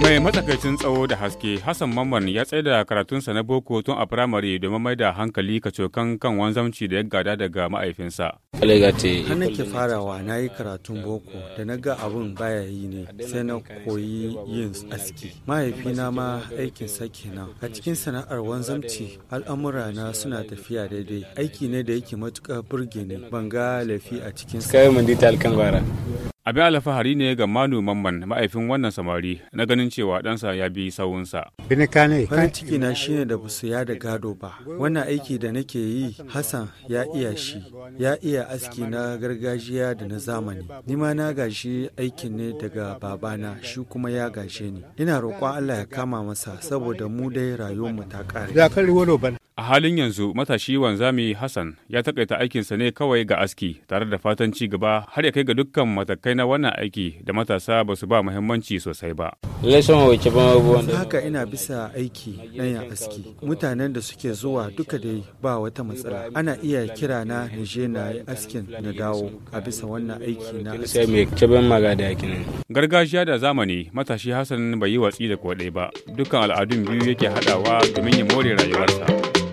mai matsakaicin tsawo da haske hassan mamman ya da karatunsa na boko tun a firamare domin mai da hankali kacokan kan wanzamci da ya gada daga ma'aifinsa hannun ke farawa na yi karatun boko da na ga abun baya yi ne sai na koyi yin aski mahaifina ma aikin sa na a cikin sana'ar wanzamci al'amura na suna tafiya daidai aiki ne da yake matuƙa burge ne ban ga lafi a cikin sa Abin alfahari ne ga manoman man ma'aifin wannan samari na ganin cewa ɗansa ya bi sawunsa. Farin ciki na shi ne da ba su ya da gado ba. Wannan aiki da nake yi Hassan ya iya shi, ya iya aski na gargajiya da na zamani. Ni ma na gashi aikin ne daga babana shi kuma ya gashe ni. Ina roƙon Allah ya kama masa saboda mu dai mu ta ƙare. A halin yanzu matashi wanzami Hassan ya takaita aikinsa ne kawai ga aski tare da fatan ci gaba har ya kai ga dukkan matakai na wannan aiki da matasa ba su ba muhimmanci sosai ba. haka ina bisa aiki ɗanya aski mutanen da suke zuwa duka dai ba wata matsala ana iya kira na na je na askin na dawo a bisa wannan aiki na gargajiya da zamani matashi Hassan bai yi watsi da kwaɗai ba dukkan al'adun biyu yake haɗawa domin ya more rayuwarsa.